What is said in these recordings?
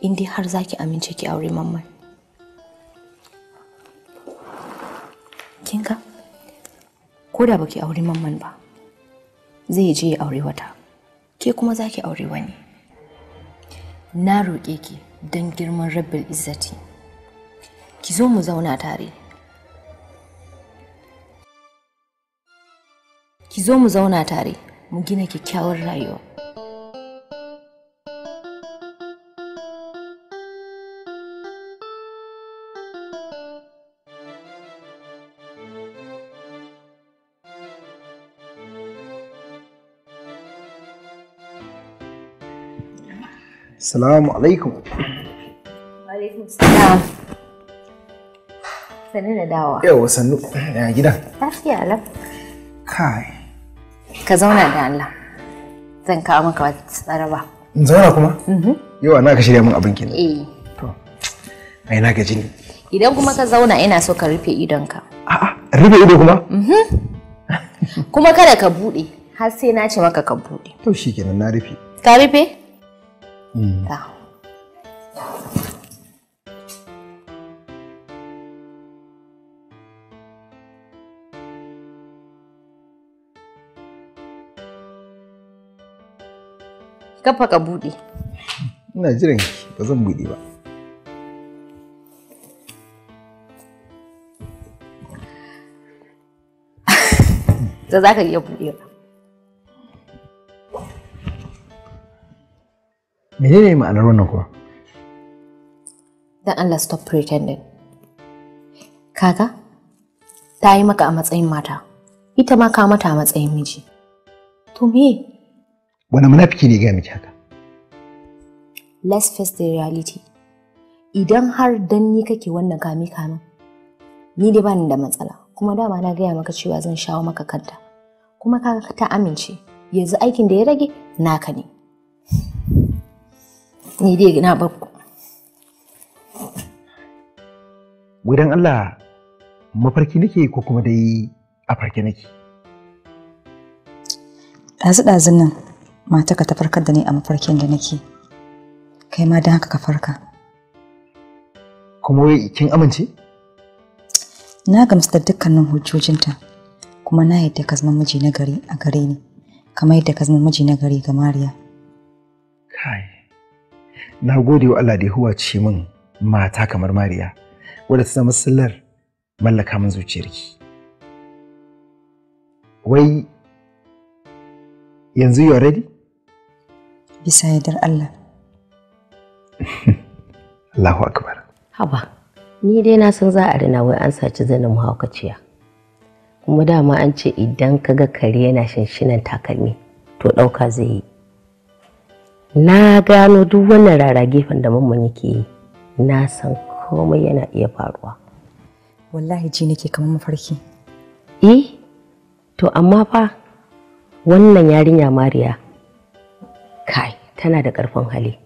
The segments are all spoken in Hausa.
in dai har zaki amince ki aure mamman kinga ko da baki aure mamman ba zai je ya aure wata ke kuma zaki aure wani na roƙe ki don girman rabbil izzati ki zo mu zauna tare ki zo mu zauna tare mu gina kyakkyawar rayuwa Assalamu alaikum. Alaikum salam. da dawa. Yawa sannu ya gida. Lafiya laf. Kai. Ka zauna da Allah. Zan kawo maka wata tsaraba. In zauna kuma? Mhm. Yawa na ka shirya min abin kenan. Eh. To. Ai na gaji ne. Idan kuma ka zauna ina so ka rufe idonka. A'a, rufe ido kuma? Mhm. Kuma kada ka buɗe, har sai na ce maka ka buɗe. To kenan na rufe. Ka rufe? 嗯，大家好。Kafa ka buɗe. Ina jiran ki, ba zan buɗe ba. Da za ka iya buɗe ba. menene ma'anar wannan kuwa dan Allah stop pretending kaga ta yi maka a matsayin mata ita ma ka mata a matsayin miji to me wani munafiki ne ga miki haka let's face the reality idan har dan ni kake wannan kami kamin ni dai bani da matsala kuma dama na gaya maka cewa zan shawo maka kanta kuma kaga ta amince yanzu aikin da ya rage naka ne ni dai na babku gudan Allah mafarki nake ko kuma dai a farke nake ɗazu-ɗazun nan mataka ta farkar da ni a mafarkin da nake kai ma don haka ka farka kuma wai kin amince na gamsu da dukkanin hujjojinta kuma na yadda ka zama miji na gari a gare ni kamar yadda ka zama miji na gari ga mariya kai na gode wa Allah da huwa ce min mata kamar Mariya wadda ta zama sallar mallaka min zuciyarki. Wai yanzu you ready? Bisa yardar Allah. Allahu Akbar. Haba, ni dai na san za a rina wai an saci zanin mahaukaciya. Kuma dama an ce idan ka ga kare yana shinshinan takalmi to ɗauka zai yi. na gano duk wannan rara gefen da mamman yake yi na san komai yana iya faruwa wallahi ji nake kamar mafarki eh to amma fa wannan yarinya mariya kai tana da ƙarfin hali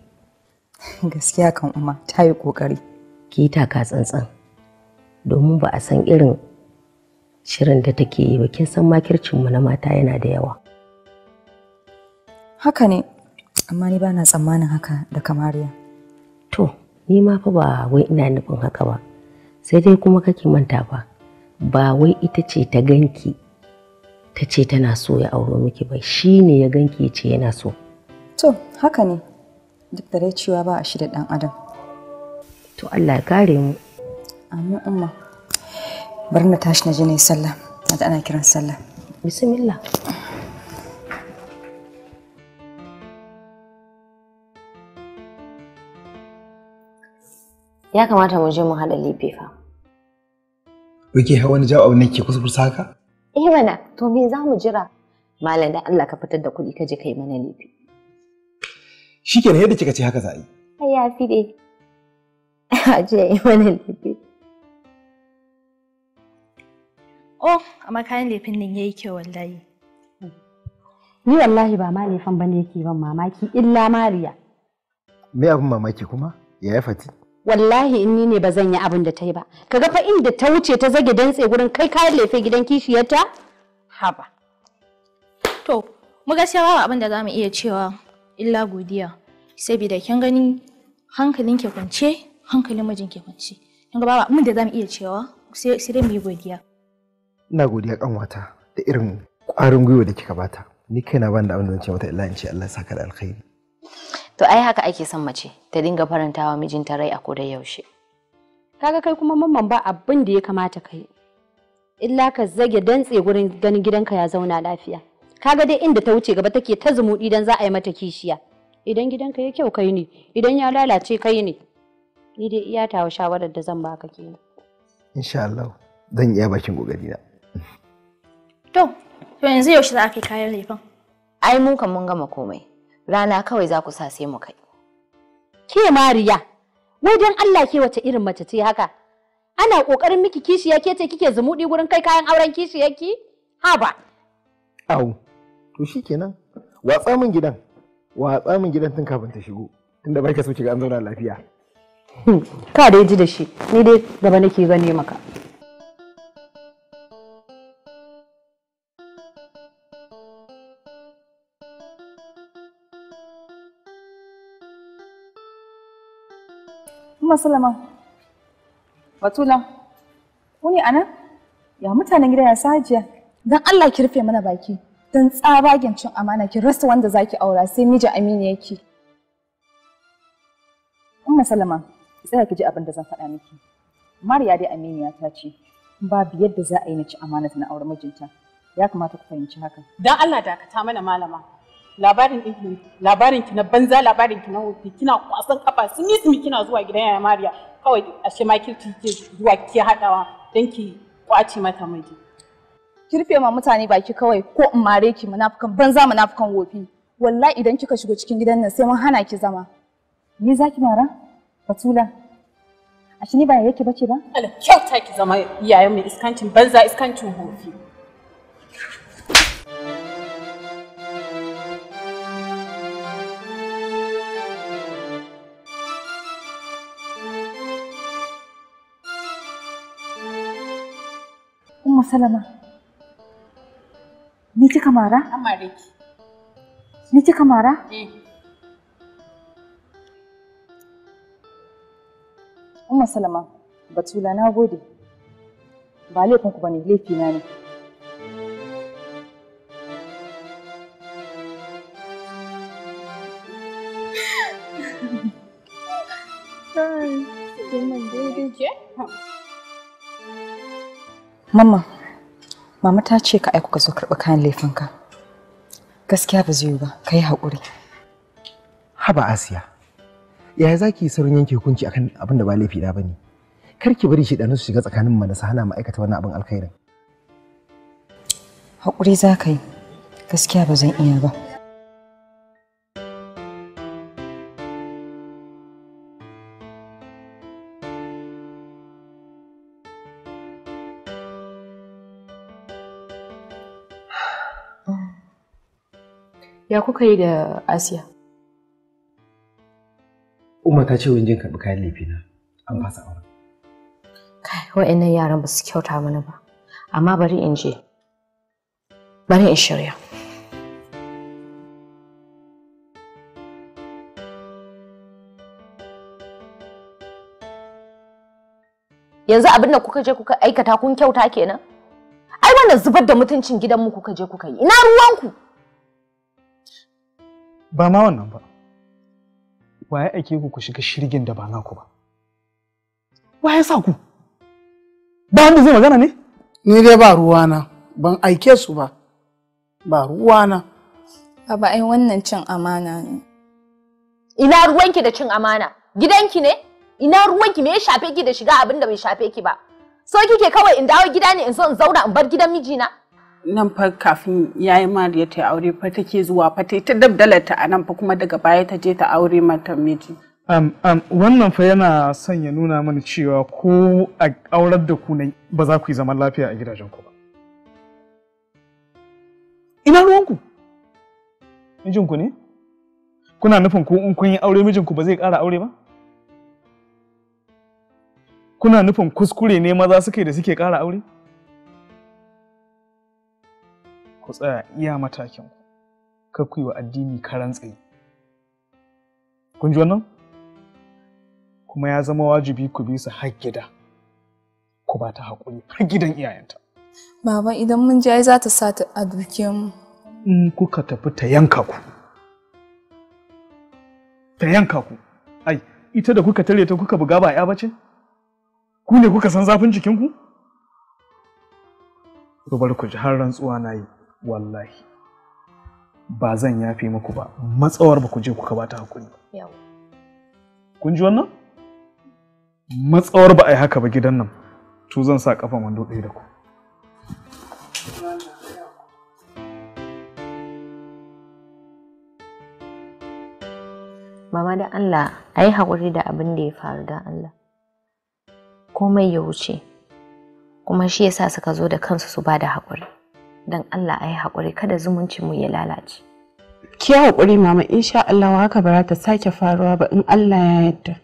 gaskiya kan umma ta yi ƙoƙari ki taka tsantsan domin ba a san irin shirin da take yi ba kin san makircinmu na mata yana da yawa haka ne amma ni ba na tsammanin haka da kamariya. To, ni ma fa ba wai ina nufin haka ba, sai dai kuma kake manta ba, ba wai ita ce ta ganki ta ce tana so ya auro miki ba, shi ne ya ganki ce yana so. To, haka ne, duk da dai cewa ba a shi da ɗan adam. To Allah ya kare mu. Amin umma. Bari na tashi na je ne sallah, na ana kiran sallah. Bismillah. Ya kamata mu je mu haɗa lefe fa. Wake ha wani jawabi ne ke kusa haka? Eh mana, to me za mu jira? Malam da Allah ka fitar da kuɗi ka je kai mana lefe. Shikenan yadda kika ce haka za a yi. Ai ya fi dai. A je yi mana lefe. Oh, amma kayan lefin nan yayi kyau wallahi. Ni wallahi ba ma lefen bane yake ban mamaki illa Mariya. Me abin mamaki kuma? Ya yi fati? wallahi in ni ne ba zan yi abin da ta yi ba kaga fa inda ta wuce ta zage dantse gurin kai kayan lefe gidan kishiyarta haba to mu gaskiya babu abin da zamu iya cewa illa godiya saboda kin gani hankalin ke kwance hankalin mijin ke kwance kin ga baba mun da zamu iya cewa sai sai mu yi godiya ina godiya kanwata da irin kwarin gwiwa da kika bata ni kaina ban da abin da zan ce mata illa in ce Allah ya saka da alkhairi To ai haka ake son mace ta dinga farantawa mijinta rai a koda yaushe. Kaga kai kuma mamman ba abin da ya kamata kai. Illa ka zage dantse gurin ganin gidanka ya zauna lafiya. Kaga dai inda ta wuce gaba take ta zumuɗi dan za a yi mata kishiya. Idan gidanka ya kyau kai ne, idan ya lalace kai ne. Ni dai iya tawa shawarar da zan baka kenan. Insha Allah zan iya bakin kokari na. To, to yanzu yaushe za a kai kayan lefan? Ai mun kan mun gama komai. rana kawai za ku sase mu kai. Ke Mariya, wai don Allah ke wace irin mace ce haka? Ana ƙoƙarin miki kishiya ke ce kike zumuɗi gurin kai kayan auren kishiyarki? Ha ba. Au, to shi kenan. Watsa min gidan, watsa min gidan tun kafin ta shigo, tunda barka so ga an zauna lafiya. Ka dai ji da shi, ni dai gaba nake gane maka. Umma Salama. Batula. Ku ne anan? Ya mutanen gida ya sajiya. Dan Allah ki rufe mana baki. Dan tsabagen cin amana ki rasa wanda zaki aura sai miji Aminu yake. Umma Salama, ki tsaya ki ji abin da zan faɗa miki. Mariya dai Aminiya ta ce babu yadda za a yi na ci amana na aure mijinta. Ya kamata ku fahimci haka. Dan Allah dakata mana malama. labarin ɗin labarin ki na banza labarin ki na hoto kina kwasan kafa sun yi sumi kina zuwa gidan yaya mariya kawai ashe ma kirki ke zuwa ke haɗawa don ki kwace mata miji. Kirfe ma mutane baki kawai ko in mare ki munafukan banza munafukan wofi wallahi idan kika shigo cikin gidan nan sai mun hana ki zama ni ki mara batula shi ni ba yake bace ba ala kyauta ki zama iyayen mai iskancin banza iskancin wofi Salama. Ni kika mara? An mare ki. Ni kika mara? Eh. Umma Salama, Batula na gode. Ba ku ba laifi laifina ne. Mama. mama ta ce ka aiko ka zo karɓi kayan laifinka gaskiya ba zai ba ka yi haƙuri haba asiya yaya za ki saurin yanke hukunci akan abin da ba laifi da ba ne kar ki bari shidanu su shiga tsakanin mu da su hana mu aikata wani abin alkhairin haƙuri za ka yi gaskiya ba zan iya ba Ya kuka yi da Asiya? Umar ta ce wani jin karɓi kayan laifina an fasa aure. Kai, wa'annan yaran ba su kyauta mana ba. Amma bari in je. Bari in shirya. yanzu abin da kuka je kuka aikata kun kyauta kenan ai wannan zubar da mutuncin gidanmu kuka je kuka yi ina ruwanku ba ma wannan ba waye ake ku ku shiga shirgin da ba naku ba waye sa ku ba wanda zai magana ne ni dai ba ruwana ban aike su ba ba ruwana Baba ai wannan cin amana ne ina ruwanki da cin amana gidanki ne ina ruwanki me ya shafe ki da shiga abin da bai shafe ki ba so kike kawai in dawo gida ne in zo in zauna in bar gidan mijina nan fa kafin yayi ya ta aure fa take zuwa fa ta ta dabdalarta a nan fa kuma daga baya ta je ta aure mata miji um, um, wannan fa yana son ya nuna mana cewa ko a aurar da ku ba za ku yi zaman lafiya a gidajen ku ba ina ruwanku ku ne kuna nufin ko in kun yi aure ku ba zai ƙara aure ba kuna nufin kuskure ne maza suke da suke ƙara aure ku tsaya iya matakin ku kar ku yi wa addini karan tsaye kun ji wannan kuma ya zama wajibi ku bi su har gida ku ba ta haƙuri har gidan iyayenta baba idan mun ji za ta sa ta a dukiyar mu in kuka tafi ta yanka ku ta yanka ku ai ita da kuka tare ta kuka buga ba ya bace ku ne kuka san zafin jikinku ku bar ku ji har rantsuwa na yi wallahi ba zan yafe muku ba matsawar ba ku je kuka ta hakuri kun ji wannan matsawar ba a yi haka ba gidan nan to zan sa kafan wando ɗaya da ku Mama da Allah a yi haƙuri da abin da ya faru da Allah. Komai ya wuce, kuma shi yasa suka zo da kansu su bada da haƙuri. don Allah a yi haƙuri kada zumuncinmu ya lalace. Ki haƙuri mama insha Allah haka bara ta sake faruwa ba in Allah ya yarda.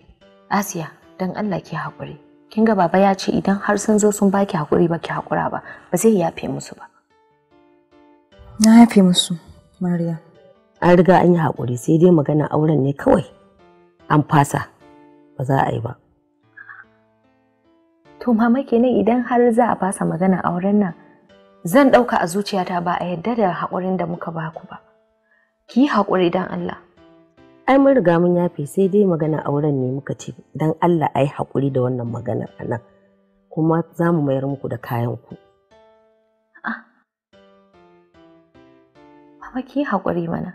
Asiya don Allah ki haƙuri. Kin ga baba ya ce idan har sun zo sun baki haƙuri ba ki haƙura ba ba zai yafe musu ba. Na yafe musu Mariya. An riga an yi haƙuri sai dai magana auren ne kawai an fasa ba za a yi ba. To mama kenan idan har za a fasa magana auren nan zan ɗauka a zuciyata ba a yadda da haƙurin da muka baku ba ki yi haƙuri don Allah ai mun riga mun yafe sai dai magana auren ne muka ce dan Allah ai haƙuri da wannan maganar a nan kuma za mu mayar muku da kayan ku ah. Baba ki haƙuri mana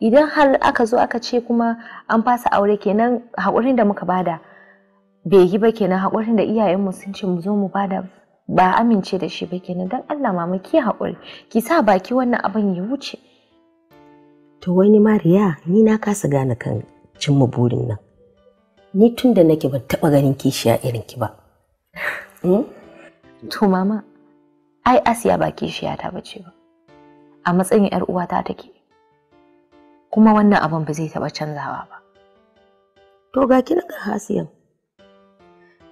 idan har aka zo aka ce kuma an fasa aure kenan haƙurin da muka bada bai yi ba kenan haƙurin da iyayenmu sun ce mu zo mu bada ba amince da shi ba kenan dan Allah mama ki hakuri, ki sa baki wannan abin ya wuce to wani mariya ni na kasa gane kan cimma burin nan ni tun da nake ban taɓa ganin kishiya irin ki ba hmm? to mama ai asiya ba kishiya ta bace ba a matsayin yar uwata take kuma wannan abin ba zai taɓa canzawa ba to ga kina ga hasiyan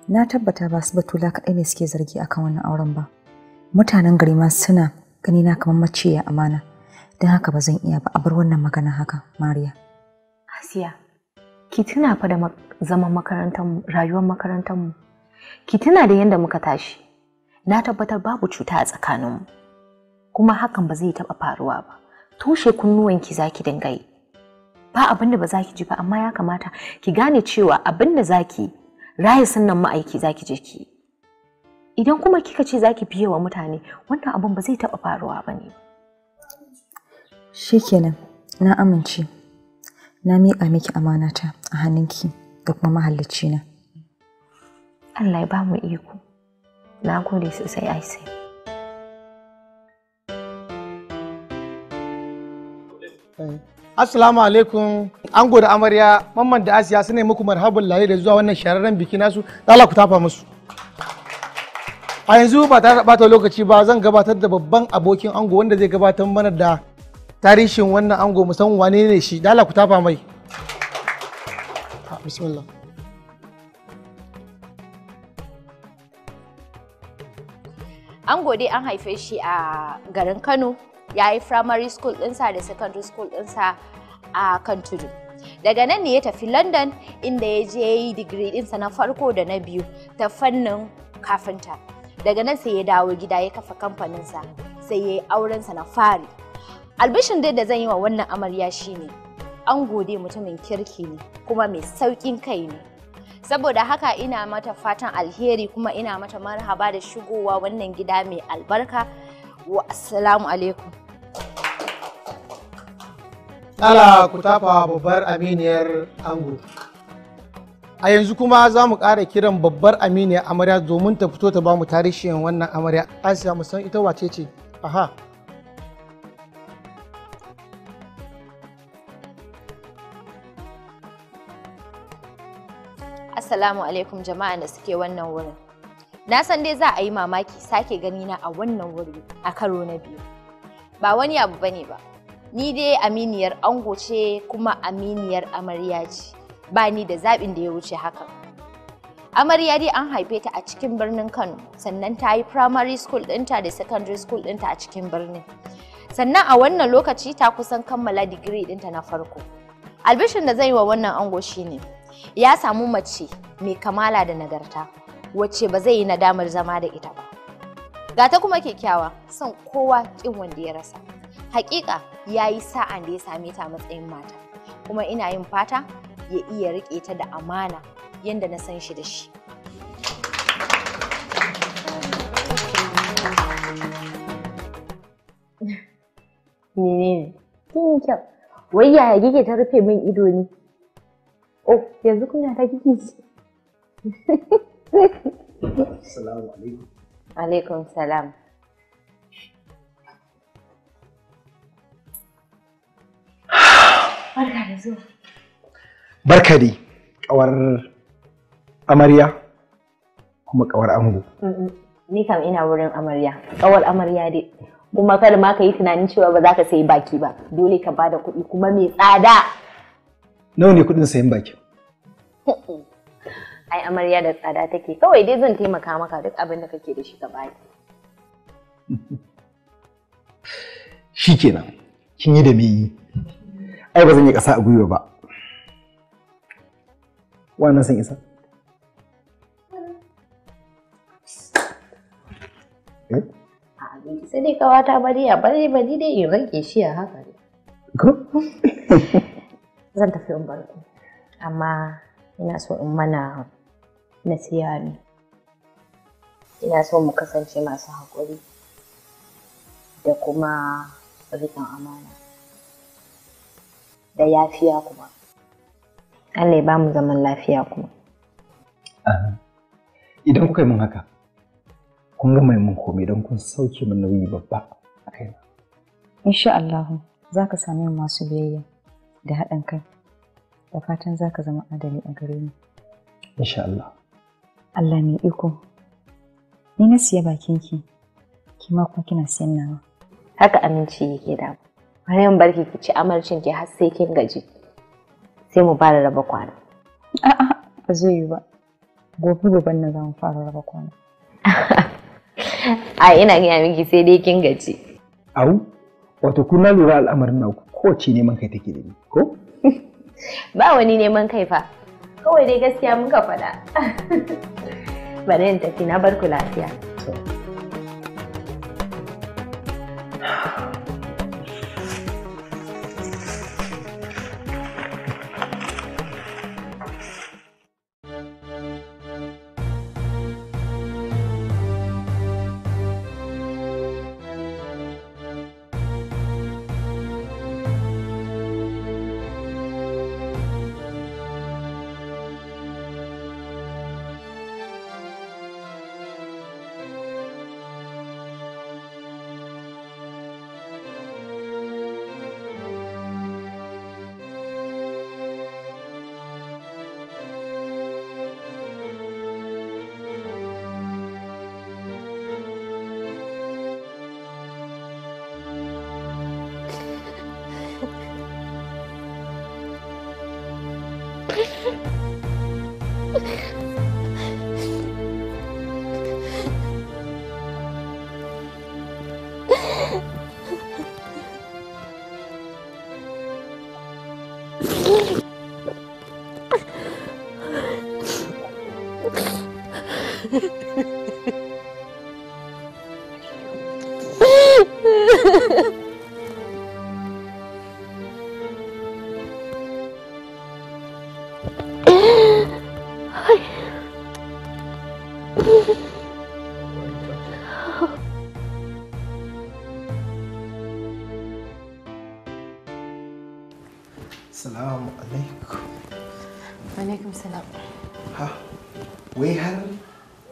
na tabbata ba su batula kaɗai ne suke zargi akan wannan auren ba mutanen gari ma suna gani na kamar mace ya amana don haka ba zan iya ba a bar wannan magana haka mariya asiya ki tuna fa da zaman makarantar rayuwar makarantar mu ki tuna da yadda muka tashi na tabbatar babu cuta a tsakanin mu kuma hakan ba zai taba faruwa ba tushe kunnuwan ki zaki dinga yi ba abinda da ba za ji ba amma ya kamata ki gane cewa abinda da za raya sannan ma'aiki zaki je ki idan kuma kika ce zaki biya wa mutane wannan abun ba zai taɓa faruwa ba ne shikenan na amince na miƙa miki amanata a hannunki da kuma mahallacina. na Allah ya ba mu iko na gode sosai aisai Assalamu alaikum. Ango da amarya, mamman da Asiya su ne muku marhaban laye da zuwa wannan shahararren biki nasu. Allah ku tafa musu. A yanzu ba ta da bata lokaci ba zan gabatar da babban abokin ango wanda zai gabatar mana da tarihin wannan ango musamman wane ne shi. Allah ku tafa mai. Bismillah. Ango dai an haife shi a garin Kano ya yi primary school ɗinsa da secondary school ɗinsa a kan tudu daga nan ne ya tafi london inda ya je yi digiri ɗinsa na farko da na biyu ta fannin kafinta daga nan sai ya dawo gida ya kafa kamfaninsa sai ya yi aurensa na fari albishin dai da zan yi wa wannan amarya shine an gode mutumin kirki ne kuma mai saukin kai ne saboda haka ina mata fatan alheri kuma ina mata marhaba da shigowa wannan gida mai albarka wa assalamu alaikum Tsala ku tafa babbar aminiyar ango. A yanzu kuma za mu ƙara kiran babbar aminiyar amarya domin ta fito ta ba mu tarihin wannan amarya. Asiya mu san ita wace ce. Aha. Assalamu alaikum jama'a da suke wannan wurin. Na san dai za a yi mamaki sake ganina a wannan wuri a karo na biyu. Ba wani abu bane ba. Ni dai aminiyar ango ce kuma aminiyar amarya ce. Ba ni da zaɓin da ya wuce haka Amarya dai an haife ta a cikin birnin Kano, sannan ta yi primary school ɗinta da secondary school ɗinta a cikin birnin. Sannan a wannan lokaci ta kusan kammala digiri dinta na farko. Albishin da zai wa wannan ango shine ya samu mace mai kamala da nagarta. wacce ba zai yi nadamar zama da ita ba. Ga ta kuma kyakkyawa son kowa ƙin wanda ya rasa. Hakika ya yi sa'an da ya same ta matsayin mata, kuma ina yin fata ya iya riƙe ta da amana yadda na san shi da shi. Wai yaya gike ta rufe min ido ne? Oh, yanzu kuna ta gike Assalamu alaikum. Alaikum salam. Barka da zuwa. Barka dai, ƙawar amarya kuma ƙawar ango. Ni kam ina wurin amarya, ƙawar amarya dai. Kuma kada ma ka yi tunanin cewa ba za ka sayi baki ba, dole ka bada kuɗi kuma mai tsada. Nawa ne kuɗin sayan baki? ai amarya da tsada take kawai dai zan taimaka maka duk abin da kake da shi ka Shi shikenan kin yi da me yi ai ba zan yi ƙasa a gwiwa ba wannan san isa eh? sai dai kawata bari a bari bari dai in rage shi a haka ne zan tafi in barku amma ina so in mana nasihani ina so mu kasance masu haƙuri da kuma rikon amana da yafiya kuma Allah ya ba mu zaman lafiya kuma idan kuka yi min haka kun gama min komai don kun sauke min nauyi babba a kaina insha Allah za ka sami masu biyayya da haɗin kai da fatan za ka zama adali a gare mu insha Allah Allah mai iko ni na siya bakin ki ki ma kuma kina siyan nawa haka aminci yake da Maryam barki ki ci amarcin ki har sai kin gaji sai mu fara raba kwana a'a ba zai yi ba gobe gobe na za mu fara raba kwana a ina gaya miki sai dai kin gaji au wato kun na lura al'amarin naku kowace neman kai take da ni ko ba wani neman kai fa kawai dai gaskiya muka faɗa barinta ki na ku lafiya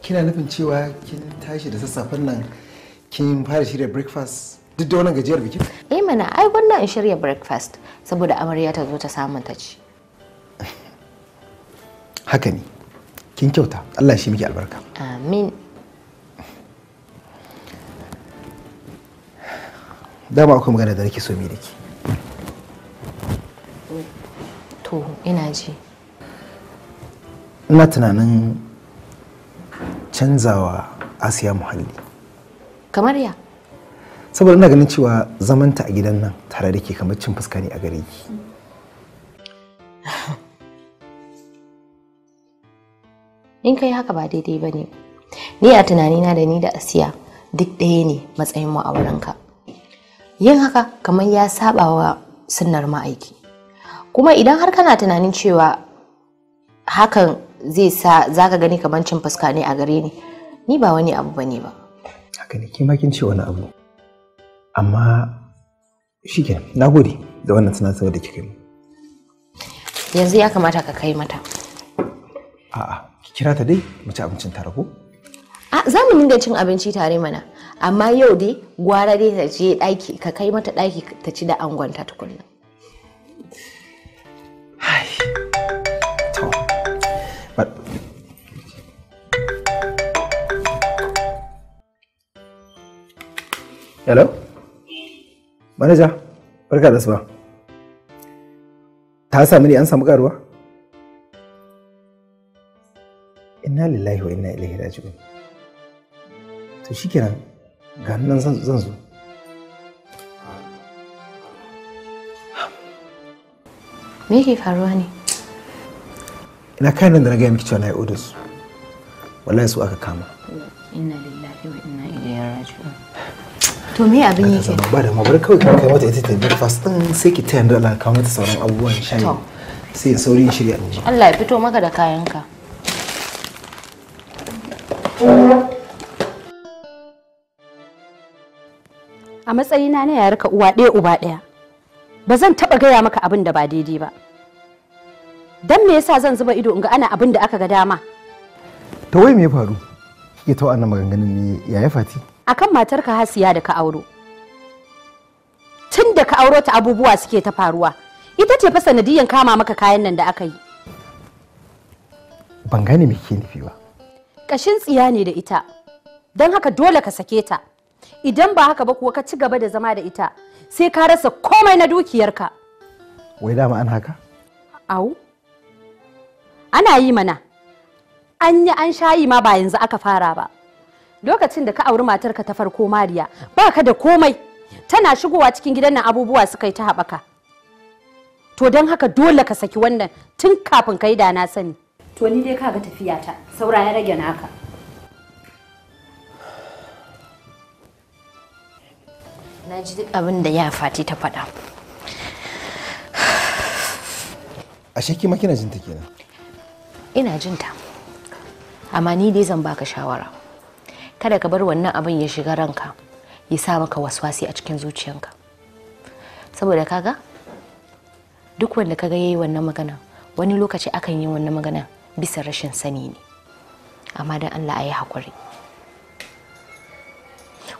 kina nufin cewa kin tashi da sassafen nan kin fara shirya breakfast duk da wannan gajiyar bikin? Eh mana ai wannan in shirya breakfast saboda amarya ta zo ta samun ta ci. Haka ne. Kin kyauta. Allah shi miki albarka. Amin. Dama akwai magana da nake so mi dake. To, ina ji. Ina tunanin canzawa asiya muhalli kamar ya saboda ina ganin cewa zamanta a gidan nan tare da ke kamar cin fuska ne a gare ki in kai haka ba daidai ba ne ni a tunanina da ni da asiya duk ɗaya ne matsayin mu a wurinka yin haka kamar ya saba wa sunnar ma'aiki kuma idan har kana tunanin cewa hakan zai sa za ka gani kamar cin fuska ne a gare ni ni ba wani abu ba ne ba haka ne kima kin ce wani abu amma shi ke na gode da wannan tunatarwa da kika yi yanzu ya kamata ka kai mata a'a ki kira ta dai mu ci abincin tare ko a za mu dinga cin abinci tare mana amma yau dai gwara dai ta je daki, ka kai mata daki, ta ci da angonta tukunna Hi. hello Manager, barka da suba ta samu ne an samu karuwa inna lillahi wa inna ilaihi raji'un to shikenan ga nan zan zo me yake faruwa ne ina kayan nan da na gaya miki cewa na yi odus wallahi su aka kama inna lillahi wa inna ilaihi raji'un to me abin yi kenan ba da ma bar kawai kai mata ita ta fast din sai ki tayar da Allah ka mata sauran abubuwan shayi sai in saurin shirya in ji Allah ya fito maka da kayanka a matsayina na yarka uwa ɗaya uba ɗaya ba zan taɓa gaya maka abin da ba daidai ba dan me yasa zan zuba ido in ga ana abin da aka ga dama to wai me ya faru ita wa'annan maganganun ne yaya fati akan matar matarka hasiya da ka auro tun da ka auro ta abubuwa suke ta faruwa ita ce fa sanadiyan kama maka kayan nan da aka yi ban gane me ke nufi ba kashin tsiya ne da ita don haka dole ka sake ta idan ba haka ba kuwa ka ci gaba da zama da ita sai ka rasa komai na dukiyarka wai dama an haka au ana yi mana an yi an shayi ma ba yanzu aka fara ba lokacin da ka auri matarka ta farko mariya baka da komai tana shigowa cikin gidan nan abubuwa suka yi ta haɓaka to don haka dole ka saki wannan tun kafin ka yi da na sani to ni dai kaga tafiyata saura ya rage naka na ji duk abin da ya fati ta faɗa ashe kima kina jinta kenan ina jinta amma ni dai zan baka shawara kada ka bar wannan abin ya shiga ranka ya sa maka waswasi a cikin zuciyanka saboda kaga duk wanda kaga yayi wannan magana wani lokaci akan yi wannan magana bisa rashin sani ne amma dan Allah ayi hakuri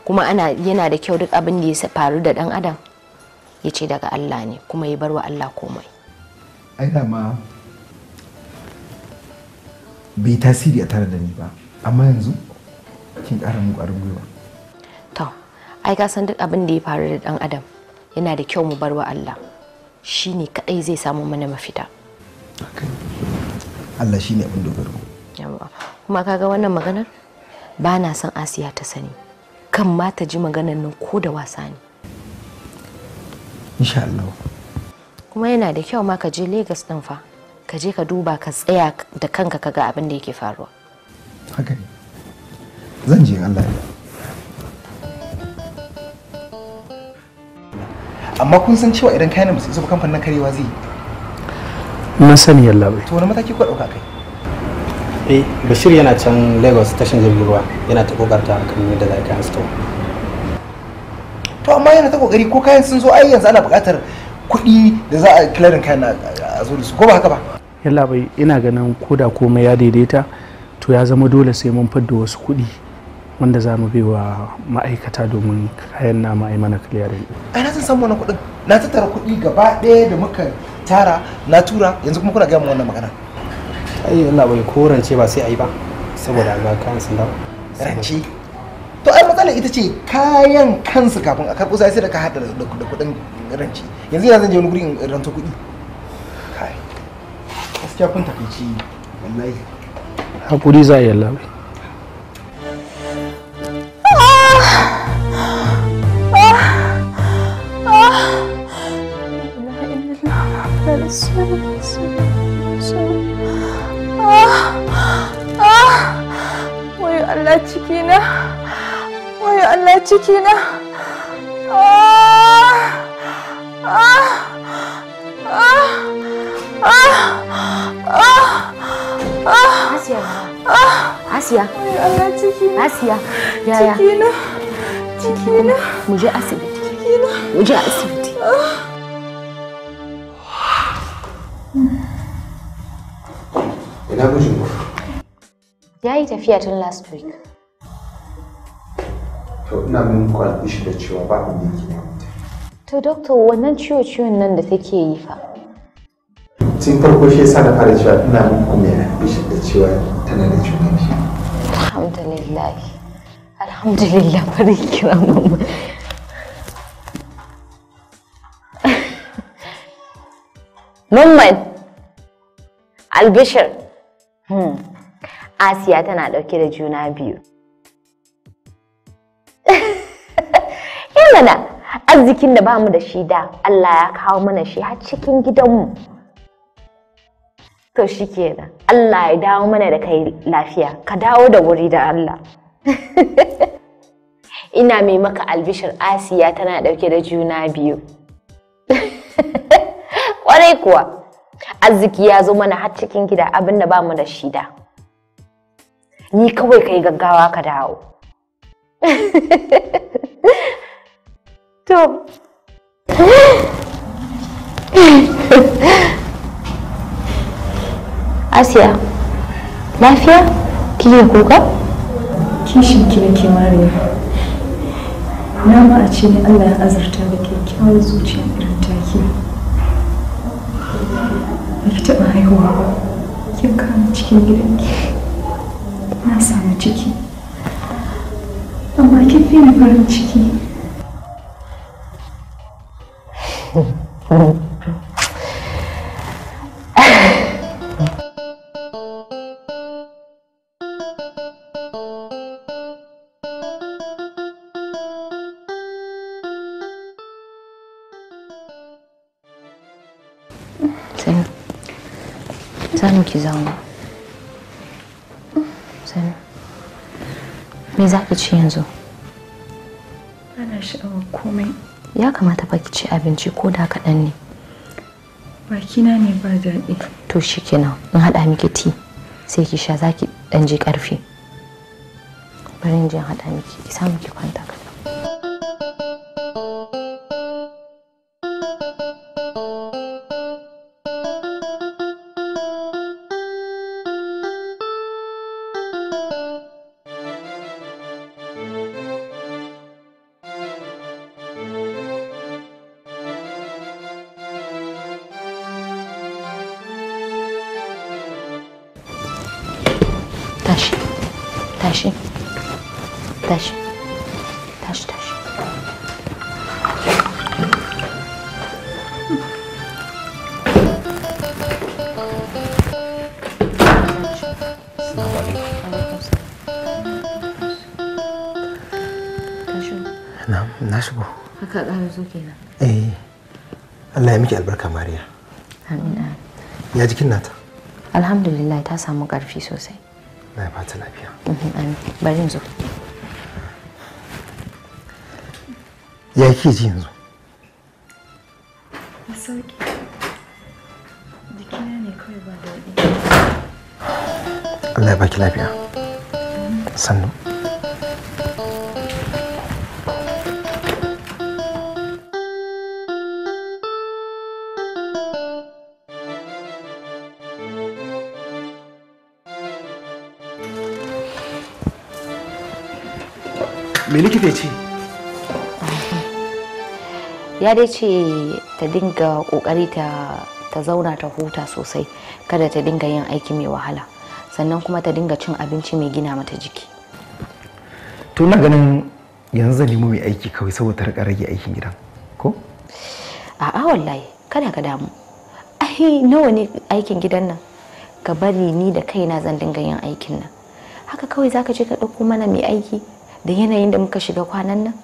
kuma ana yana da kyau duk abin da ya faru da dan adam ya ce daga Allah ne kuma ya bar wa Allah komai ai ma bai tasiri a tare da ni ba amma yanzu kin ƙara ƙwarin gwiwa to ai ka san duk abin da ya faru da dan adam yana da kyau mu bar wa Allah shi ne kadai zai samu mana mafita Allah shi ne abin dogaro kuma kaga wannan maganar ba na san asiya ta sani kan ma ta ji maganar nan ko da wasa ne insha Allah kuma yana da kyau ma ka je Legas ɗin fa ka je ka duba ka tsaya da kanka kaga abin da yake faruwa haka zan je Allah ya amma kun san cewa idan kayan ba su isa kamfanin karewa zai yi sani yalla bai to wani mataki ku dauka kai eh bashir yana can lagos tashin jirgin ruwa yana ta kokarta akan yadda za a kai to amma yana ta kokari ko kayan sun zo ai yanzu ana buƙatar kuɗi da za a kilarin kayan a zo da su ko ba haka ba yalla bai ina ganin koda komai ya daidaita to ya zama dole sai mun fadda wasu kuɗi wanda za mu bi wa ma'aikata domin kayan na yi mana kiliyarin ai na san samu wannan kuɗin na tattara kuɗi gaba ɗaya da muka tara na tura yanzu kuma kuna gaya mu wannan magana ai ina bai korance ba sai a yi ba saboda ga kayan sanda dawo rance to ai matsalar ita ce kayan kansu kafin a karɓo sai da ka haɗa da kuɗin rance yanzu ina zan je wani guri in ranto kuɗi kai gaskiya kun takaici wallahi hakuri za a yi Allah cikina Allah cikina ah, ah, ah, Asiya Allah cikina Asiya yaya mu je asibiti mu je asibiti Ina ya yi tafiya tun last week to ina min kwalbishi da cewa ba ku da yake to doctor wannan ciwo ciwon nan da take yi fa tun farko shi yasa na fara cewa ina min kuma bishi da cewa tana da cutar shi alhamdulillah alhamdulillah bari kira mama Mamman albishir. Hmm. asiya tana ɗauke da juna biyu mana arzikin da bamu da shi da allah ya kawo mana shi har cikin gidanmu to shi kenan allah ya dawo mana da kai lafiya ka dawo da wuri da allah ina mai maka albishir asiya tana ɗauke da juna biyu kwarai kuwa arziki ya zo mana har cikin gida abinda bamu da shi da ni kawai ka yi gaggawa ka dawo to asiya lafiya kike kuka kishin ki nake mariya na ma a ce ne allah ya azurta da kyakkyawar zuciya irin take ba ki taɓa haihuwa ba kin kama cikin gidanki na samu ciki amma kin fi ni farin ciki Sani ki me za ki ci yanzu ana sha'awar komai ya kamata fa ki ci abinci ko da kaɗan ne bakina ne ba daɗi to shikenan in haɗa miki ti sai ki sha za ki ɗan je ƙarfi bari in je haɗa miki ki samu ki kwanta tashi tashi na shigo haka zo kenan eh Allah ya miki albarka Mariya ya jikin nata alhamdulillah ta samu ƙarfi sosai na ba lafiya amin bari in zo ya ke ji yanzu a Allah ya baki lafiya sannu Me ce? ya dai ce ta dinga kokari ta zauna ta huta sosai kada ta dinga yin aiki mai wahala sannan kuma ta dinga cin abinci mai gina mata jiki to na ganin yanzu zan nemo mai aiki kawai saboda ta rage aikin gidan ko a'a wallahi kada ka damu ai nawa ne aikin gidan nan ka bari ni da kaina zan dinga yin aikin nan haka kawai zaka je ka ɗauko mana mai aiki da yanayin da muka shiga kwanan nan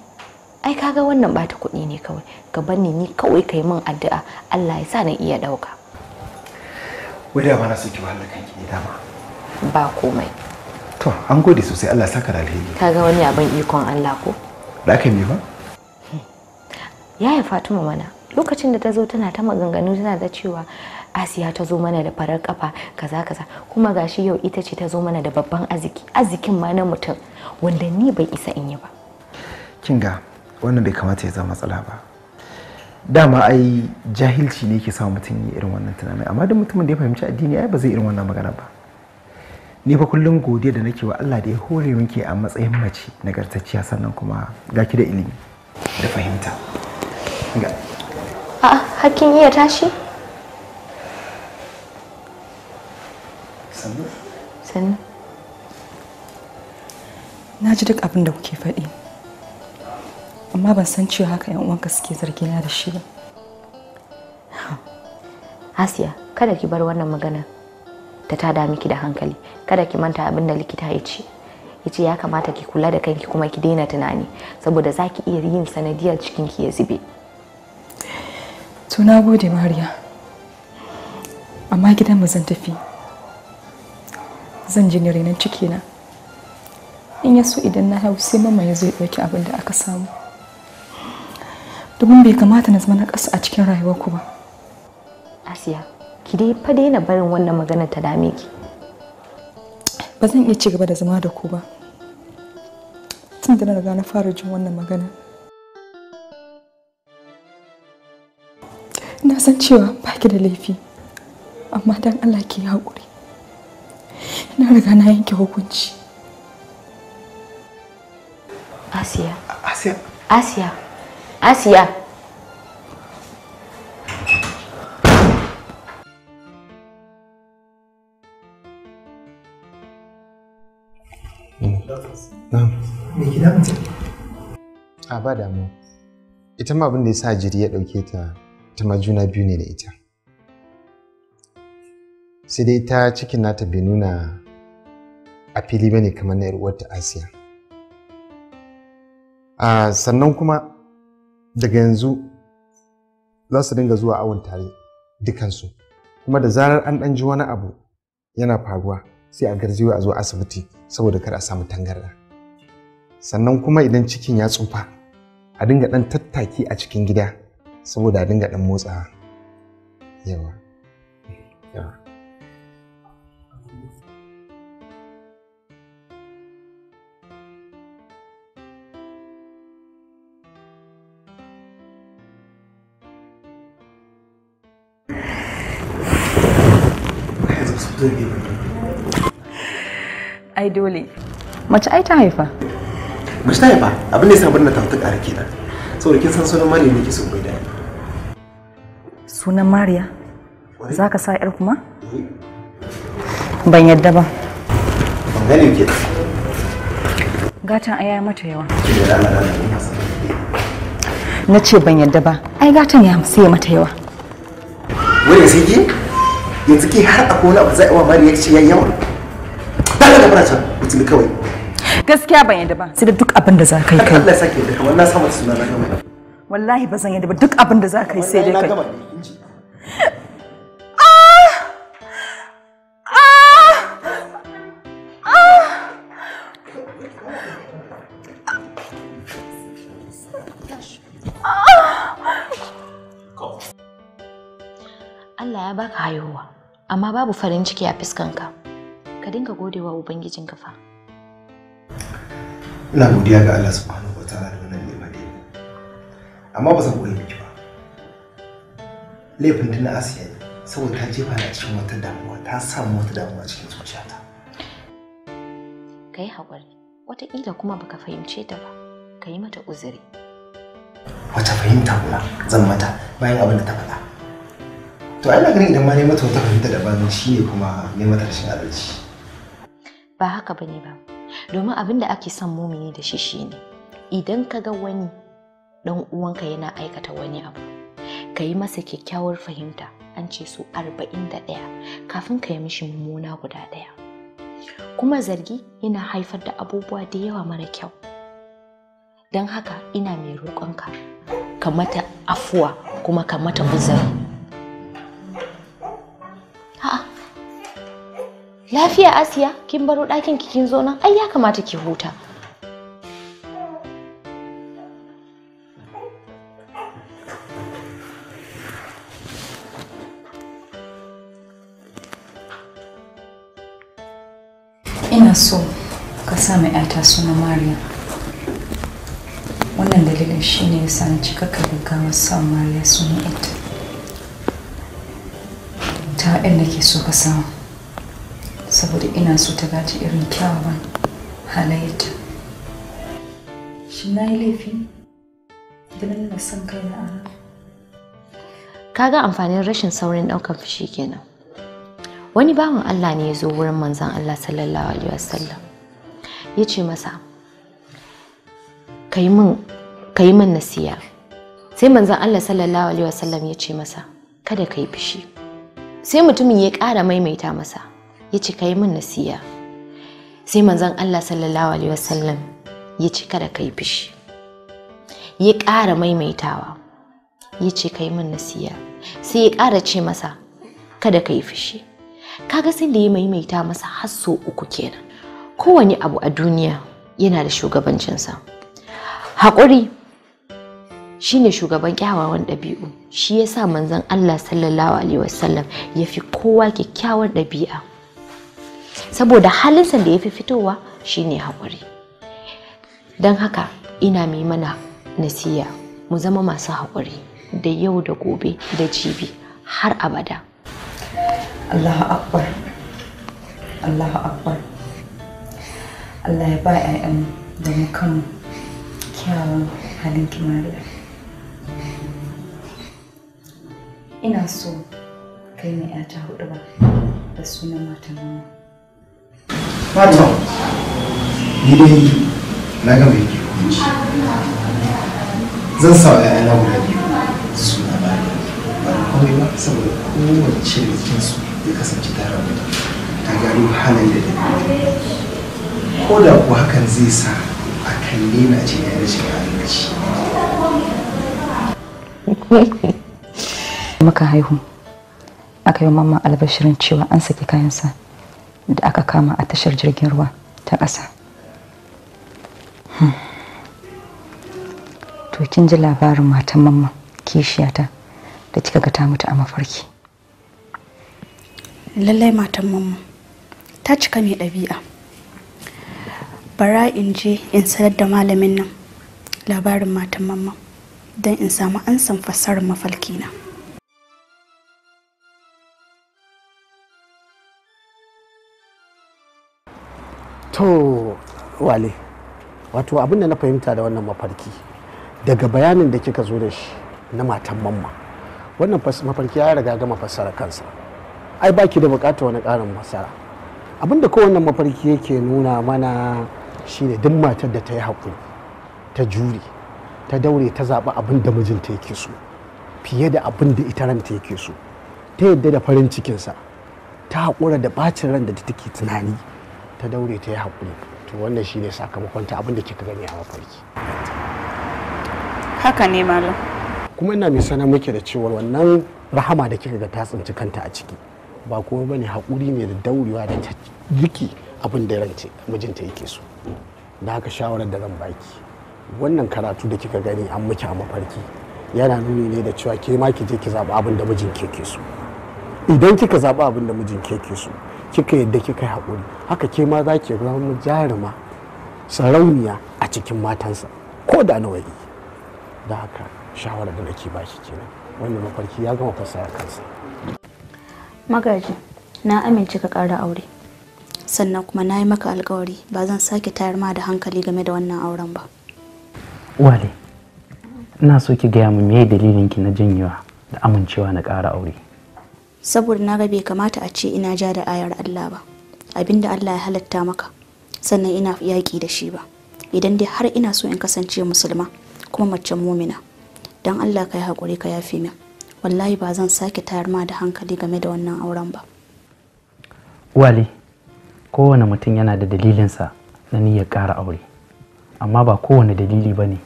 ai kaga wannan bata kuɗi ne kawai ka banni ni kawai kai min addu'a Allah ya sa na iya ɗauka. Wadda ba na soki wahala kanki ne dama. Ba komai. To an gode sosai Allah saka da alheri. Kaga wani abin ikon Allah ko? Da aka yi ba? Yaya Fatima mana lokacin da ta zo tana ta maganganu tana da cewa Asiya ta zo mana da farar kafa kaza kaza kuma gashi yau ita ce ta zo mana da babban aziki azikin ma na mutum wanda ni bai isa in yi ba. Kinga wannan bai kamata ya zama matsala ba dama ai jahilci ne ke sa mutum yi irin wannan tunanin amma duk mutumin da ya fahimci addini ai ba zai irin wannan magana ba ni fa kullum godiya da nake wa Allah da ya hore muke a matsayin mace nagartacciya sannan kuma ga da ilimi da fahimta a'a hakkin iya tashi sannu sannu na ji duk abin da kuke faɗi amma ban san cewa haka yan uwanka suke zargi na da shi ba Asiya kada ki bar wannan magana ta tada miki da hankali kada ki manta abin da likita ya ce ya ce ya kamata ki kula da kanki kuma ki daina tunani saboda za ki iya yin sanadiyar cikinki ya zube to na gode mariya amma gidan mu zan tafi zan ji renon cikina in ya so idan na hau sai mama ya zo ya ɗauki abin da aka samu domin bai kamata na zama na ƙasa a cikin rayuwar ku ba asiya ki dai fa daina barin wannan magana ta dame ki ba zan iya ci gaba da zama da ku ba tun da na riga na fara jin wannan magana na san cewa ba ki da laifi amma dan Allah ki yi haƙuri na riga na yanke hukunci asiya asiya asiya asiya a ah, ba damu ita ma abin da ya sa jiri ya ɗauke ta ta majuna biyu ne da ita sai dai ta cikin nata bai nuna a fili bane kamar na ta asiya ah, sannan kuma daga yanzu za su dinga zuwa awon tare dukansu kuma da zarar an ɗan ji wani abu yana faruwa sai a garzewa a zo asibiti saboda kar a samu tangarda sannan kuma idan cikin ya tsufa a dinga ɗan tattaki a cikin gida saboda a dinga ɗan motsawa yawa yawa ai dole mace ai ta haifa mace ta haifa abin da ya samu na tafi ƙara kenan saboda kin san sunan mariya ke son da sunan mariya za ka sa ƴar kuma ban yadda ba ban gane ke gatan ai mata yawa na ce ban yadda ba ai gatan ya sai mata yawa wai sai ke yanzu ke har a wani abu za a yi wa mari ya ce ya yawa daga da barata mutum kawai gaskiya ban yadda ba sai da duk abin da za ka yi kai Allah sake da kamar na samu suna na gama wallahi ba zan yadda ba duk abin da za ka yi sai dai kai ah! Ah! Ah! Allah ya baka haihuwa amma babu farin ciki a fiskanka ka dinga godewa ubangijinka fa ina godiya ga Allah subhanahu wataala da wannan nema da amma ba san koyi miki ba laifin tana asiya ne saboda ta jefa na cikin wata damuwa ta samu wata damuwa cikin zuciyata ka yi haƙuri wataƙila kuma baka fahimce ta ba ka yi mata uzuri wata fahimta kuma zan mata bayan abin da ta faɗa to ai ganin idan ma ne mata wata fahimta daban shi ne kuma ne mata rashin adalci ba haka bane ba domin abin da ake son mumini da shi ne. idan ka ga wani dan uwanka yana aikata wani abu ka yi masa kyakkyawar fahimta an ce su arba'in da ɗaya kafin ka yi mishi mummuna guda ɗaya kuma zargi yana haifar da abubuwa da yawa mara kyau don haka ina mai roƙonka ka mata afuwa kuma ka mata uzuri Lafiya Asiya, kin baro ɗakin ki kin zo nan, ai ya kamata ki huta. Ina so ka sa mai ‘yata suna Mariya. Wannan dalilin shine ne ya sa na cika ka gaggawa sa Mariya suna ita. Ta waɗanda ke so ka samu. saboda ina so ta gaji irin kyawawan halayyarta shin na yi laifi idan na san kai na ara kaga amfanin rashin saurin ɗaukar fushi kenan wani bawan Allah ne ya zo wurin manzon Allah sallallahu alaihi wasallam ya ce masa kai yi kai min nasiya sai manzon Allah sallallahu alaihi wasallam ya ce masa kada ka yi fushi sai mutumin ya ƙara maimaita masa ya ce ka yi min nasiya sai manzon Allah sallallahu alaihi wasallam ya ce kada ka yi fishi ya ƙara maimaitawa ya ce ka yi min nasiya sai ya ƙara ce masa kada ka yi fishi kaga sai da ya maimaita masa har so uku kenan kowane abu a duniya yana da shugabancinsa haƙuri shine shugaban kyawawan ɗabi'u shi yasa manzon Allah sallallahu alaihi wasallam ya fi kowa kyakkyawan ɗabi'a saboda halinsa da ya fi fitowa shine haƙuri don haka ina mai mana nasiya mu zama masu haƙuri da yau da gobe da jibi har abada Allahu akbar Allahu akbar Allah ya ba 'ya'yan da mu kan kyawun halin kimariya ina so kai ne 'ya ta hudu ba da sunan matan fatan ni dai na gama yake hukunci zan sa wa yana biyu suna ba da ba da komai ba saboda kowace da cikinsu ya kasance tare ta gano da da hakan zai sa a muka haihu aka yi mamman albashirin cewa an saki kayansa da aka kama a tashar jirgin ruwa ta ƙasa hmm. to kin ji labarin matan mamman kishiyata da kika ga ta mutu a mafarki lallai matan mamman ta cika mai ɗabi'a bara in je in sanar da malamin nan labarin matan mamman don in samu ansan fassarar mafalkina. na to wale wato abin da na fahimta da wannan mafarki daga bayanin da kika zo da shi na matan mamma wannan mafarki ya riga gama fassara kansa ai baki da bukatar wani karin masara abin da kowannan mafarki yake nuna mana shine duk matar da ta yi haƙuri ta jure ta daure ta zaɓi abin da mijinta yake so fiye da abin da ita ranta yake so ta yadda da farin cikinsa ta haƙura da bacin ran da take tunani ta daure ta yi haƙuri to wannan shine sakamakon ta abin kika gani a mafarki haka ne malam kuma ina mai sanar muke da cewa wannan rahama da kika ga ta tsinci kanta a ciki ba kuma bane haƙuri ne da daurewa da ta duki abin da rance mijinta yake so da haka shawarar da zan baki wannan karatu da kika gani an miki a mafarki yana nuni ne da cewa ke ma ki je ki zaɓi abin da mijin ke so idan kika zaɓi abin da mijin ke so kika yadda kika yi haƙuri haka ke ma za ki zama jaruma sarauniya a cikin matansa ko da nawa yi da haka shawarar da nake ba shi kenan wanda mafarki ya gama fasaya kansa magaji na amince ka ƙara aure sannan kuma na yi maka alkawari ba zan sake tayar ma da hankali game da wannan auren ba wale ina so ki gaya mu me dalilin ki na janyewa da amincewa na ƙara aure saboda na ga bai kamata a ce ina ja da ayar Allah ba abinda Allah ya halatta maka sannan ina yaƙi da shi ba idan dai har ina so in kasance musulma kuma mace mumina don Allah ka yi haƙuri ka yafe min wallahi ba zan sake tayar ma da hankali game da wannan auren ba wale kowane mutum yana da dalilinsa na niyyar ƙara aure amma ba kowane dalili ba ne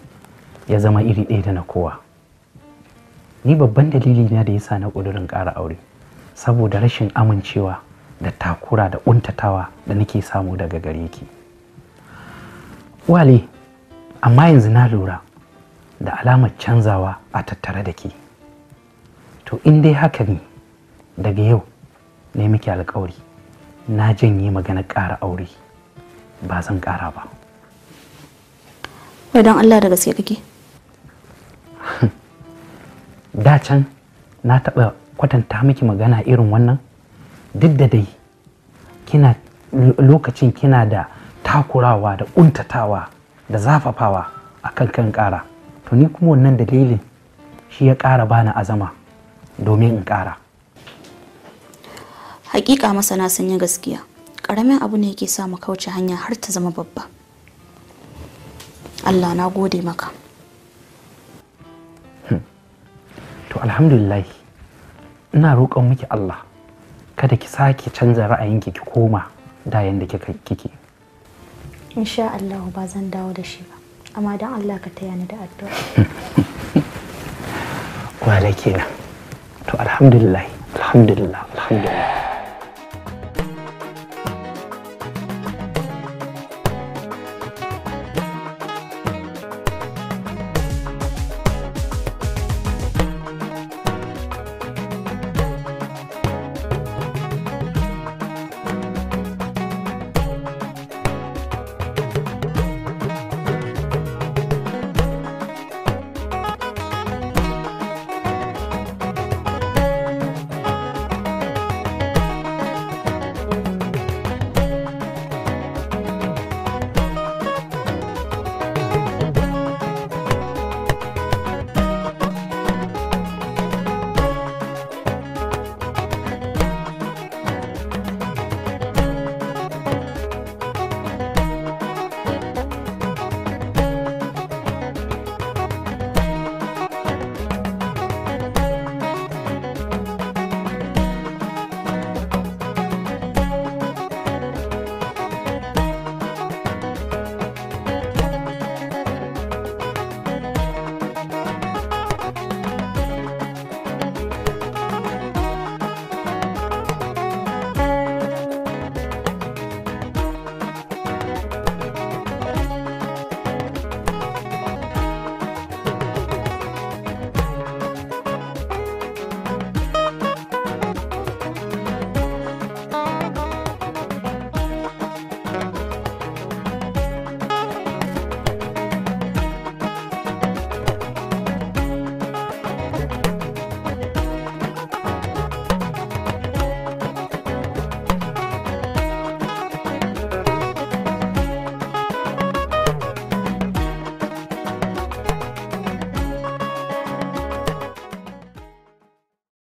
ya zama iri ɗaya da na kowa ni babban dalili na da yasa na ƙudurin ƙara aure saboda rashin amincewa da takura da untatawa da nake samu daga gare ki wale amma yanzu na lura da alamar canzawa a tattare da ke to in dai haka ne daga yau ne miki alkawari na janye magana ƙara aure ba zan ƙara ba wai don allah da gaske kake da can na taɓa kwatanta miki magana irin wannan duk da dai kina lokacin kina da takurawa da kuntatawa da zafafawa a kan kan ƙara to ni kuma wannan dalilin shi ya ƙara bani azama domin in ƙara hakika masana sun yi gaskiya ƙaramin abu ne yake sa mu kauce hanya har ta zama babba allah na gode maka hmm. to alhamdulillah ina roƙon miki Allah kada ki sake canza ra'ayinki ki koma da yanda kike insha Allah ba zan dawo da shi ba amma don Allah ka taya ni da addu'a wala kenan to alhamdulillah alhamdulillah alhamdulillah